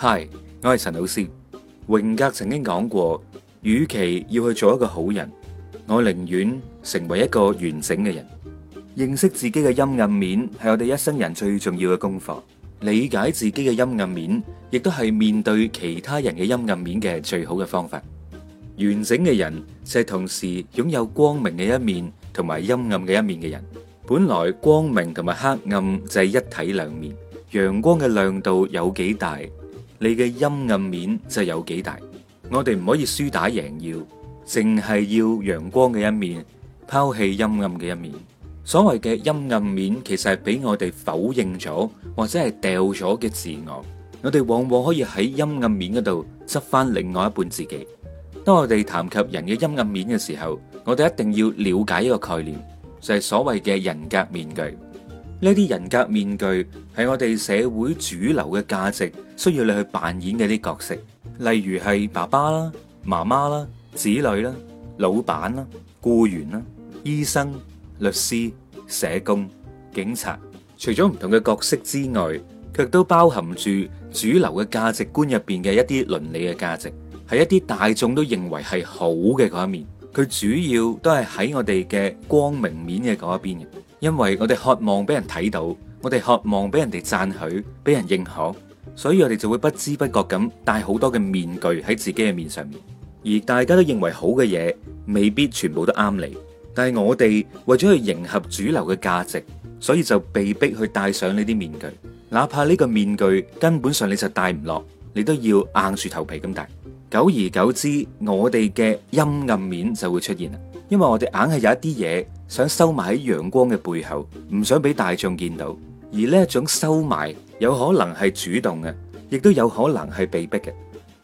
嗨，我係陳老師。榮格曾經講過，與其要去做一個好人，我寧願成為一個完整嘅人。認識自己嘅陰暗面係我哋一生人最重要嘅功課。理解自己嘅陰暗面，亦都係面對其他人嘅陰暗面嘅最好嘅方法。完整嘅人就係同時擁有光明嘅一面同埋陰暗嘅一面嘅人。本來光明同埋黑暗就係一體兩面。陽光嘅亮度有幾大？你嘅陰暗面就有幾大？我哋唔可以輸打贏要，淨係要陽光嘅一面，拋棄陰暗嘅一面。所謂嘅陰暗面，其實係俾我哋否認咗或者係掉咗嘅自我。我哋往往可以喺陰暗面嗰度執翻另外一半自己。當我哋談及人嘅陰暗面嘅時候，我哋一定要了解一個概念，就係所謂嘅人格面具。呢啲人格面具係我哋社會主流嘅價值，需要你去扮演嘅啲角色，例如係爸爸啦、啊、媽媽啦、啊、子女啦、啊、老闆啦、啊、雇員啦、啊、醫生、律師、社工、警察。除咗唔同嘅角色之外，佢都包含住主流嘅價值觀入邊嘅一啲倫理嘅價值，係一啲大眾都認為係好嘅嗰一面。佢主要都係喺我哋嘅光明面嘅嗰一邊嘅。因為我哋渴望俾人睇到，我哋渴望俾人哋讚許、俾人認可，所以我哋就會不知不覺咁戴好多嘅面具喺自己嘅面上面。而大家都認為好嘅嘢，未必全部都啱你。但係我哋為咗去迎合主流嘅價值，所以就被逼去戴上呢啲面具。哪怕呢個面具根本上你就戴唔落，你都要硬住頭皮咁戴。久而久之，我哋嘅陰暗面就會出現啦。因為我哋硬係有一啲嘢。想收埋喺陽光嘅背後，唔想俾大眾見到。而呢一種收埋有可能係主動嘅，亦都有可能係被逼嘅。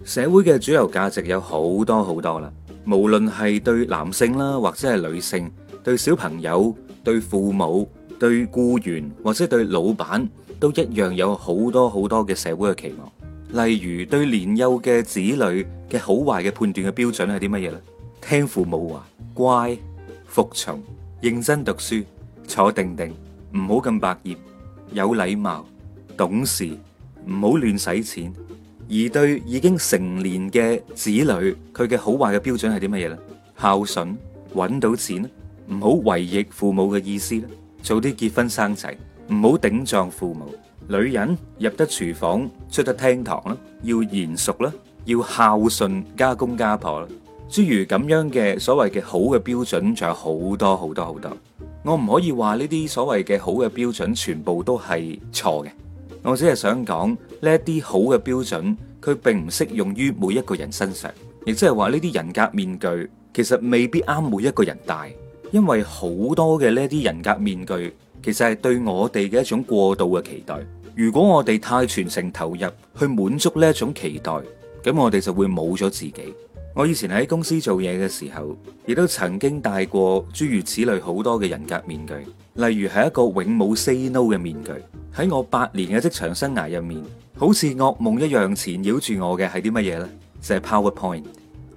社會嘅主流價值有好多好多啦，無論係對男性啦，或者係女性、對小朋友、對父母、對雇員或者對老闆，都一樣有好多好多嘅社會嘅期望。例如對年幼嘅子女嘅好壞嘅判斷嘅標準係啲乜嘢呢？聽父母話，乖服從。認真讀書，坐定定，唔好咁百厭，有禮貌，懂事，唔好亂使錢。而對已經成年嘅子女，佢嘅好壞嘅標準係啲乜嘢咧？孝順，揾到錢，唔好違逆父母嘅意思啦。早啲結婚生仔，唔好頂撞父母。女人入得廚房，出得廳堂啦，要賢淑啦，要孝順家公家婆啦。諸如咁樣嘅所謂嘅好嘅標準，仲有好多好多好多。我唔可以話呢啲所謂嘅好嘅標準全部都係錯嘅。我只係想講呢一啲好嘅標準，佢並唔適用於每一個人身上。亦即係話呢啲人格面具其實未必啱每一個人戴，因為好多嘅呢啲人格面具其實係對我哋嘅一種過度嘅期待。如果我哋太全情投入去滿足呢一種期待，咁我哋就會冇咗自己。我以前喺公司做嘢嘅時候，亦都曾經戴過諸如此類好多嘅人格面具，例如係一個永冇 say no 嘅面具。喺我八年嘅職場生涯入面，好似噩夢一樣纏繞住我嘅係啲乜嘢呢？就係 PowerPoint。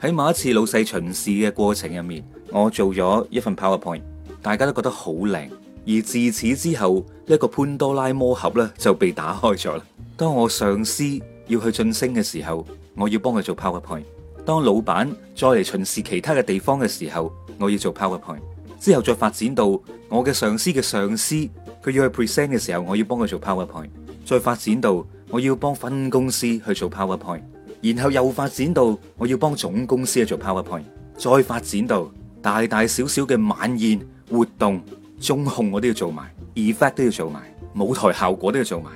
喺某一次老細巡視嘅過程入面，我做咗一份 PowerPoint，大家都覺得好靚。而自此之後，呢一個潘多拉魔盒咧就被打開咗啦。當我上司要去晉升嘅時候，我要幫佢做 PowerPoint。當老闆再嚟巡視其他嘅地方嘅時候，我要做 PowerPoint，之後再發展到我嘅上司嘅上司，佢要去 present 嘅時候，我要幫佢做 PowerPoint，再發展到我要幫分公司去做 PowerPoint，然後又發展到我要幫總公司去做 PowerPoint，再發展到大大小小嘅晚宴活動、中控我都要做埋 ，effect 都要做埋，舞台效果都要做埋，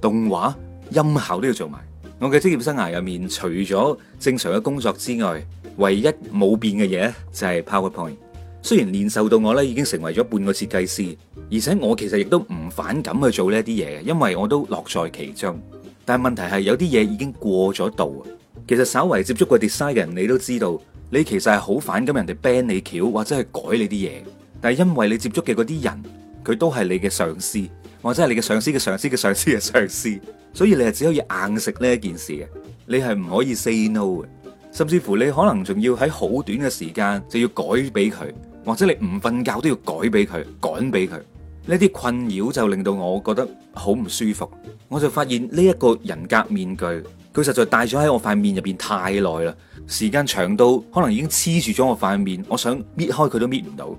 動畫、音效都要做埋。我嘅職業生涯入面，除咗正常嘅工作之外，唯一冇變嘅嘢就係 PowerPoint。雖然練手到我咧，已經成為咗半個設計師，而且我其實亦都唔反感去做呢一啲嘢，因為我都樂在其中。但係問題係有啲嘢已經過咗度。其實稍為接觸過 design 嘅人，你都知道，你其實係好反感人哋 ban 你橋或者係改你啲嘢。但係因為你接觸嘅嗰啲人，佢都係你嘅上司。或者係你嘅上司嘅上司嘅上司嘅上司，所以你係只可以硬食呢一件事嘅，你係唔可以 say no 嘅，甚至乎你可能仲要喺好短嘅時間就要改俾佢，或者你唔瞓覺都要改俾佢，趕俾佢，呢啲困擾就令到我覺得好唔舒服，我就發現呢一個人格面具，佢實在戴咗喺我塊面入邊太耐啦，時間長到可能已經黐住咗我塊面，我想搣開佢都搣唔到。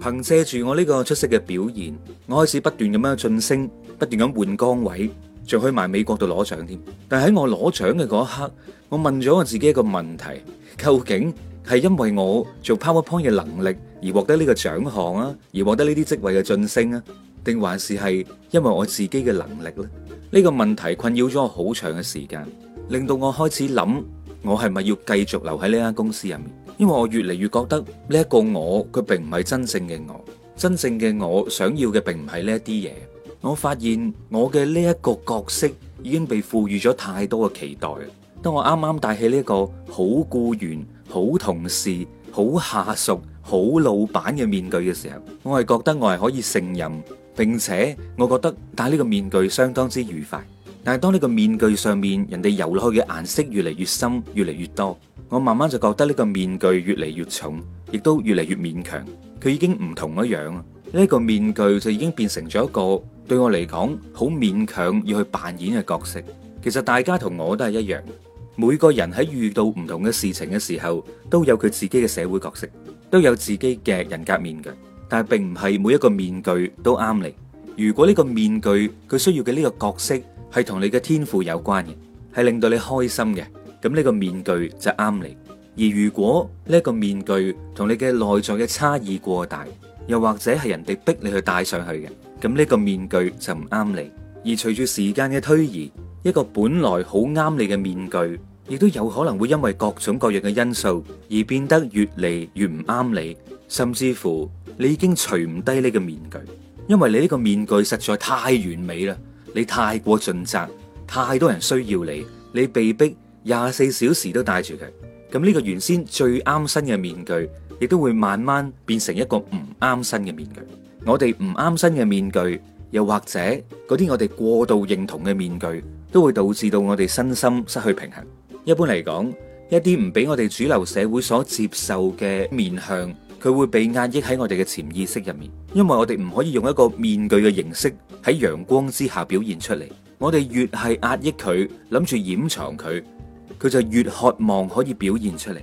憑借住我呢個出色嘅表現，我開始不斷咁樣晉升，不斷咁換崗位，仲去埋美國度攞獎添。但喺我攞獎嘅嗰一刻，我問咗我自己一個問題：究竟係因為我做 PowerPoint 嘅能力而獲得呢個獎項啊，而獲得呢啲職位嘅晉升啊，定還是係因為我自己嘅能力咧？呢個問題困擾咗我好長嘅時間，令到我開始諗：我係咪要繼續留喺呢間公司入面？因為我越嚟越覺得呢一個我，佢並唔係真正嘅我，真正嘅我想要嘅並唔係呢一啲嘢。我發現我嘅呢一個角色已經被賦予咗太多嘅期待。當我啱啱戴起呢一個好僱員、好同事、好下屬、好老闆嘅面具嘅時候，我係覺得我係可以勝任，並且我覺得戴呢個面具相當之愉快。但係當呢個面具上面人哋游落去嘅顏色越嚟越深，越嚟越多。我慢慢就覺得呢個面具越嚟越重，亦都越嚟越勉強。佢已經唔同一樣，呢個面具就已經變成咗一個對我嚟講好勉強要去扮演嘅角色。其實大家同我都係一樣，每個人喺遇到唔同嘅事情嘅時候，都有佢自己嘅社會角色，都有自己嘅人格面具。但係並唔係每一個面具都啱你。如果呢個面具佢需要嘅呢個角色係同你嘅天賦有關嘅，係令到你開心嘅。咁呢個面具就啱你，而如果呢個面具同你嘅內在嘅差異過大，又或者係人哋逼你去戴上去嘅，咁呢個面具就唔啱你。而隨住時間嘅推移，一個本來好啱你嘅面具，亦都有可能會因為各種各樣嘅因素而變得越嚟越唔啱你，甚至乎你已經除唔低呢個面具，因為你呢個面具實在太完美啦，你太過盡責，太多人需要你，你被逼，廿四小時都戴住佢，咁呢個原先最啱身嘅面具，亦都會慢慢變成一個唔啱身嘅面具。我哋唔啱身嘅面具，又或者嗰啲我哋過度認同嘅面具，都會導致到我哋身心失去平衡。一般嚟講，一啲唔俾我哋主流社會所接受嘅面向，佢會被壓抑喺我哋嘅潛意識入面，因為我哋唔可以用一個面具嘅形式喺陽光之下表現出嚟。我哋越係壓抑佢，諗住掩藏佢。佢就越渴望可以表現出嚟，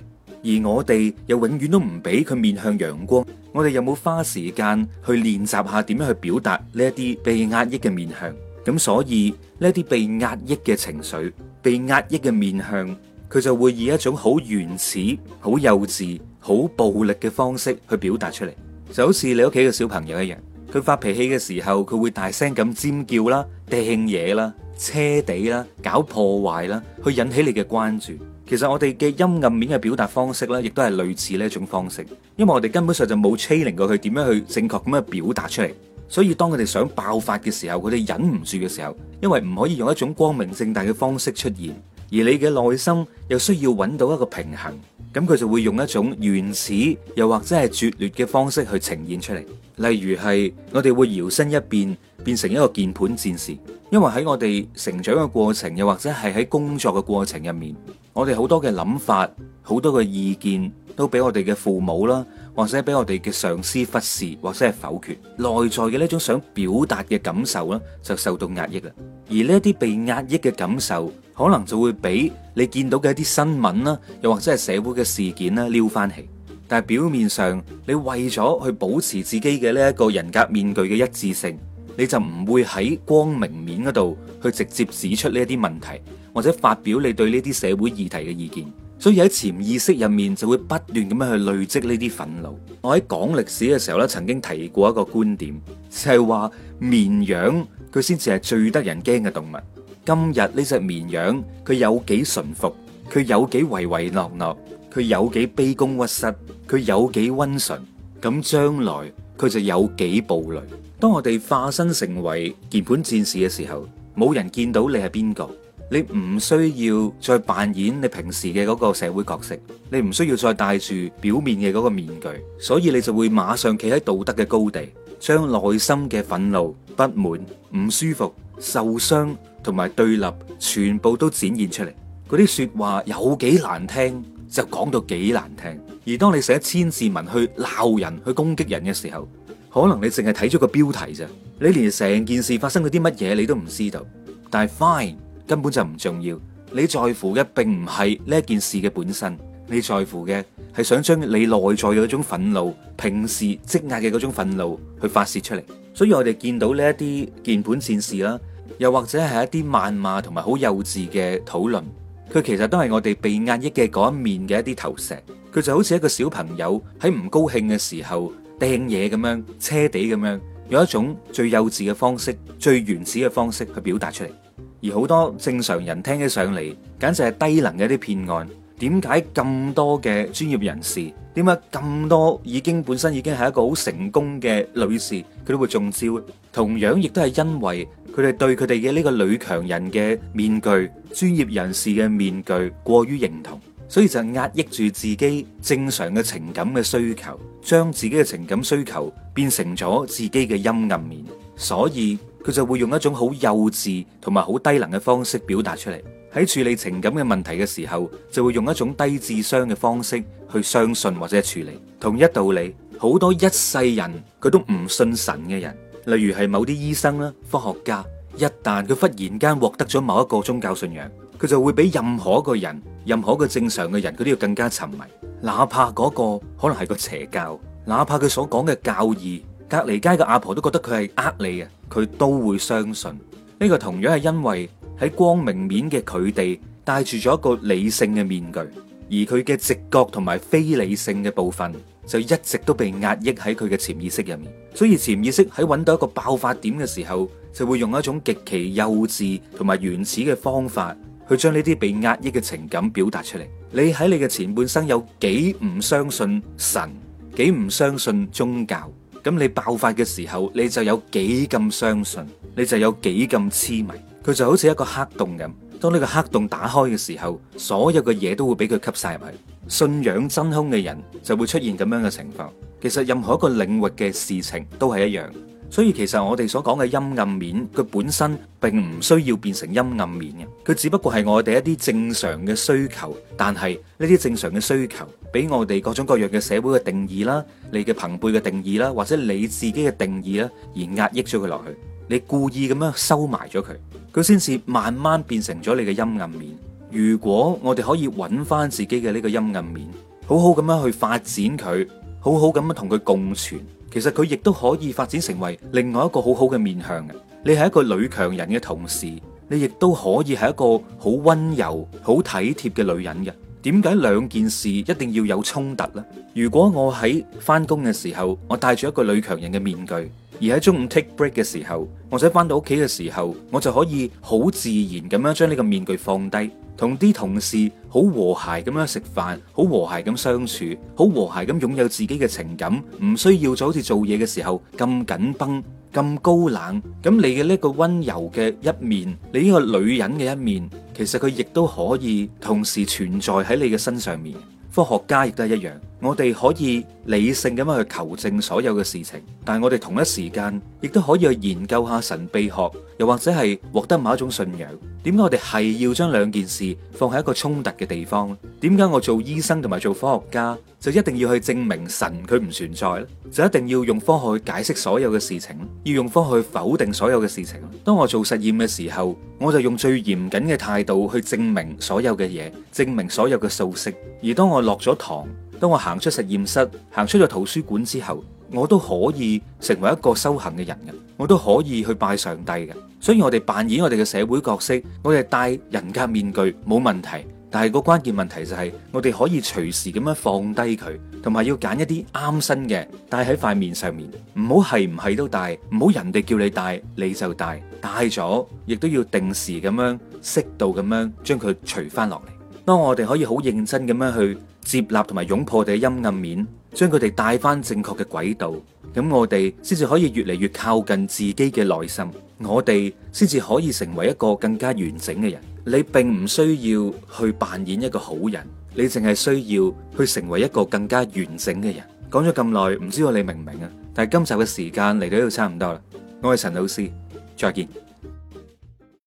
而我哋又永遠都唔俾佢面向陽光。我哋有冇花時間去練習下點樣去表達呢一啲被壓抑嘅面向？咁所以呢一啲被壓抑嘅情緒、被壓抑嘅面向，佢就會以一種好原始、好幼稚、好暴力嘅方式去表達出嚟。就好似你屋企嘅小朋友一樣，佢發脾氣嘅時候，佢會大聲咁尖叫啦、掟嘢啦，車底啦，搞破壞啦，去引起你嘅關注。其實我哋嘅陰暗面嘅表達方式咧，亦都係類似呢一種方式。因為我哋根本上就冇 training 過佢點樣去正確咁樣表達出嚟，所以當佢哋想爆發嘅時候，佢哋忍唔住嘅時候，因為唔可以用一種光明正大嘅方式出現。而你嘅內心又需要揾到一個平衡，咁佢就會用一種原始又或者係拙劣嘅方式去呈現出嚟。例如係我哋會搖身一變變成一個鍵盤戰士，因為喺我哋成長嘅過程，又或者係喺工作嘅過程入面，我哋好多嘅諗法、好多嘅意見都俾我哋嘅父母啦，或者俾我哋嘅上司忽視或者係否決，內在嘅呢種想表達嘅感受呢，就受到壓抑啦。而呢啲被壓抑嘅感受，可能就會俾你見到嘅一啲新聞啦，又或者係社會嘅事件啦，撩翻起。但係表面上，你為咗去保持自己嘅呢一個人格面具嘅一致性，你就唔會喺光明面嗰度去直接指出呢一啲問題，或者發表你對呢啲社會議題嘅意見。所以喺潛意識入面，就會不斷咁樣去累積呢啲憤怒。我喺講歷史嘅時候呢，曾經提過一個觀點，就係話綿羊佢先至係最得人驚嘅動物。今日呢隻綿羊，佢有幾馴服，佢有幾唯唯諾諾，佢有幾卑躬屈膝，佢有幾溫順。咁將來佢就有幾暴戾。當我哋化身成為鍵盤戰士嘅時候，冇人見到你係邊個，你唔需要再扮演你平時嘅嗰個社會角色，你唔需要再戴住表面嘅嗰個面具，所以你就會馬上企喺道德嘅高地，將內心嘅憤怒、不滿、唔舒服。受傷同埋對立，全部都展現出嚟。嗰啲說話有幾難聽，就講到幾難聽。而當你寫千字文去鬧人、去攻擊人嘅時候，可能你淨係睇咗個標題咋？你連成件事發生咗啲乜嘢你都唔知道。但係 fine，根本就唔重要。你在乎嘅並唔係呢件事嘅本身，你在乎嘅係想將你內在嘅嗰種憤怒、平時積壓嘅嗰種憤怒去發洩出嚟。所以我哋見到呢一啲鍵盤戰士啦，又或者係一啲謾罵同埋好幼稚嘅討論，佢其實都係我哋被壓抑嘅嗰一面嘅一啲投射，佢就好似一個小朋友喺唔高興嘅時候掟嘢咁樣，車地咁樣，用一種最幼稚嘅方式、最原始嘅方式去表達出嚟，而好多正常人聽起上嚟，簡直係低能嘅一啲騙案。點解咁多嘅專業人士，點解咁多已經本身已經係一個好成功嘅女士，佢都會中招？同樣亦都係因為佢哋對佢哋嘅呢個女強人嘅面具、專業人士嘅面具過於認同，所以就壓抑住自己正常嘅情感嘅需求，將自己嘅情感需求變成咗自己嘅陰暗面，所以佢就會用一種好幼稚同埋好低能嘅方式表達出嚟。喺處理情感嘅問題嘅時候，就會用一種低智商嘅方式去相信或者處理。同一道理，好多一世人佢都唔信神嘅人，例如係某啲醫生啦、科學家，一旦佢忽然間獲得咗某一個宗教信仰，佢就會比任何一個人、任何一個正常嘅人，佢都要更加沉迷。哪怕嗰個可能係個邪教，哪怕佢所講嘅教義，隔籬街嘅阿婆都覺得佢係呃你嘅，佢都會相信。呢個同樣係因為。喺光明面嘅佢哋戴住咗一個理性嘅面具，而佢嘅直覺同埋非理性嘅部分就一直都被壓抑喺佢嘅潛意識入面。所以潛意識喺揾到一個爆發點嘅時候，就會用一種極其幼稚同埋原始嘅方法去將呢啲被壓抑嘅情感表達出嚟。你喺你嘅前半生有幾唔相信神，幾唔相信宗教，咁你爆發嘅時候，你就有幾咁相信，你就有幾咁痴迷。佢就好似一個黑洞咁，當呢個黑洞打開嘅時候，所有嘅嘢都會俾佢吸晒入去。信仰真空嘅人就會出現咁樣嘅情況。其實任何一個領域嘅事情都係一樣。所以其實我哋所講嘅陰暗面，佢本身並唔需要變成陰暗面嘅，佢只不過係我哋一啲正常嘅需求。但係呢啲正常嘅需求俾我哋各種各樣嘅社會嘅定義啦，你嘅朋輩嘅定義啦，或者你自己嘅定義啦，而壓抑咗佢落去，你故意咁樣收埋咗佢。佢先至慢慢變成咗你嘅陰暗面。如果我哋可以揾翻自己嘅呢個陰暗面，好好咁樣去發展佢，好好咁樣同佢共存，其實佢亦都可以發展成為另外一個好好嘅面向嘅。你係一個女強人嘅同時，你亦都可以係一個好溫柔、好體貼嘅女人嘅。點解兩件事一定要有衝突呢？如果我喺翻工嘅時候，我戴住一個女強人嘅面具。而喺中午 take break 嘅時候，或者翻到屋企嘅時候，我就可以好自然咁樣將呢個面具放低，同啲同事好和諧咁樣食飯，好和諧咁相處，好和諧咁擁有自己嘅情感，唔需要再好似做嘢嘅時候咁緊繃、咁高冷。咁你嘅呢個溫柔嘅一面，你呢個女人嘅一面，其實佢亦都可以同時存在喺你嘅身上面。科學家亦都係一樣。我哋可以理性咁樣去求證所有嘅事情，但係我哋同一時間亦都可以去研究下神秘學，又或者係獲得某一種信仰。點解我哋係要將兩件事放喺一個衝突嘅地方？點解我做醫生同埋做科學家就一定要去證明神佢唔存在咧？就一定要用科學去解釋所有嘅事情，要用科學去否定所有嘅事情。當我做實驗嘅時候，我就用最嚴謹嘅態度去證明所有嘅嘢，證明所有嘅素色。而當我落咗堂。當我行出實驗室，行出咗圖書館之後，我都可以成為一個修行嘅人嘅，我都可以去拜上帝嘅。所以，我哋扮演我哋嘅社會角色，我哋戴人格面具冇問題。但係個關鍵問題就係，我哋可以隨時咁樣放低佢，同埋要揀一啲啱身嘅戴喺塊面上面，唔好係唔係都戴，唔好人哋叫你戴你就戴，戴咗亦都要定時咁樣適度咁樣將佢除翻落嚟。當我哋可以好認真咁樣去接納同埋擁抱佢哋陰暗面，將佢哋帶翻正確嘅軌道，咁我哋先至可以越嚟越靠近自己嘅內心，我哋先至可以成為一個更加完整嘅人。你並唔需要去扮演一個好人，你淨係需要去成為一個更加完整嘅人。講咗咁耐，唔知道你明唔明啊？但係今集嘅時間嚟到呢度差唔多啦，我係陳老師，再見。